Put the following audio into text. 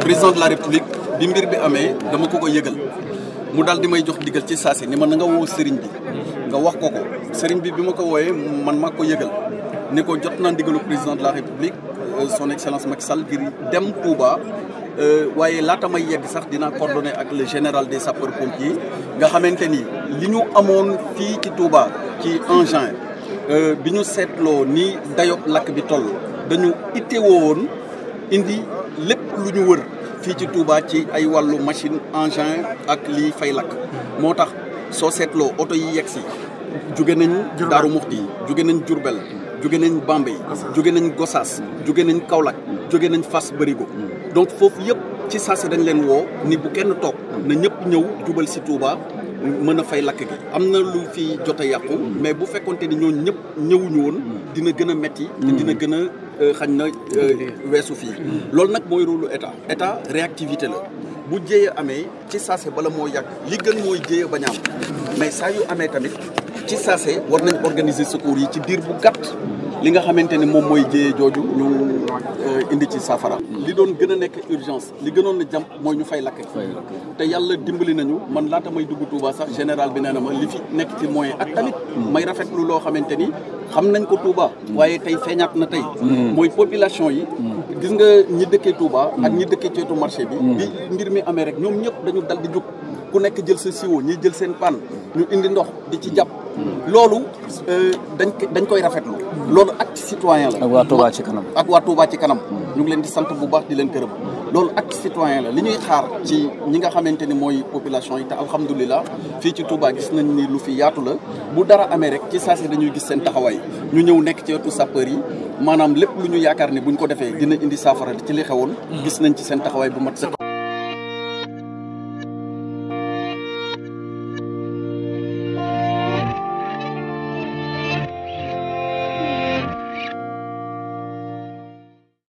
président de la république bi mbir bi amee dama ko ko yëgal mu daal di may jox digal ci saasi ni ma na nga woo sëriñ bi nga wax ko ko sëriñ bi bi ma ko wooyee man ma ko yëgal ni ko jot naa ndigalu président de la république euh, son excellence Macky Sall ngir dem Touba euh, waaye laata may yegg sax dina coordonné ak le général des sapeurs pompiers nga xamante ni li ñu amoon fii ci Touba ci engin euh, bi ñu seetloo ni dayo lakk bi toll dañu itte woon indi lépp lu ñu wër fii ci Touba ci ay wàllu machine engin ak lii fay lakk moo tax soo seetloo oto yi yegg si jóge nañ Daaru Muxti yi jóge nañ Jurbel jóge nañ Bambey jóge nañ Gosaas jóge nañ Kaolack jóge nañ Fass Bërigo donc foofu yëpp ci saase dañ leen woo ni bu kenn toog na ñëpp ñëw jubal si Touba mën a fay lakk gi am na lu fi jot a yàqu mais bu fekkonte ni ñooñ ñëpp ñëwuñu woon dina gën a metti te dina gën a Euh, xañ na euh, weesu fii loolu nag mooy rôle état état réactivité la bu jéye amee ci saase bala moo yàgg li gën mooy jéye bañ a am mais saa yu amee tamit ci saase war nañ organiser secours yi ci diir bu gàtt li nga xamante ni moom mooy jéyee jooju ñu euh, indi ci saafara li doon gën a nekk urgence li gënoon a jam mooy ñu fay lakk te yàlla dimbali nañu man laata may dugg Touba sax général bi nee na ma li fi nekk ci moyen ak tamit hmm. may rafetlu loo xamante ni xam nañ ko Touba hmm. waaye tey feeñaat na tey hmm. mooy population yi gis nga ñi dëkkee Touba ak ñi dëkkee ceetu marché bi bi mbir mi amee rek ñoom ñëpp dañu dal di ku nekk jël sa siwo ñiy jël seen paan ñu indi ndox di ci jàpp loolu euh, dañ dañ koy rafetlu loolu acte citoyen la ak waa Touba ci kanam ak waa ci kanam ñu ngi leen di sant bu baax di leen gërëm loolu acte citoyen la li ñuy xaar ci ñi nga xamante ni mooy population yi te alhamdulilah fii ci Touba gis nañ ni lu fi yaatu la bu dara amee rek ci saasi dañuy gis seen taxawaay ñu ñëw nekk ci wetu sapeur yi maanaam lépp lu ñu yaakaar ne buñ ko defee dina indi saafara ci li xewoon gis nañ ci seen taxawaay bu mat sëkk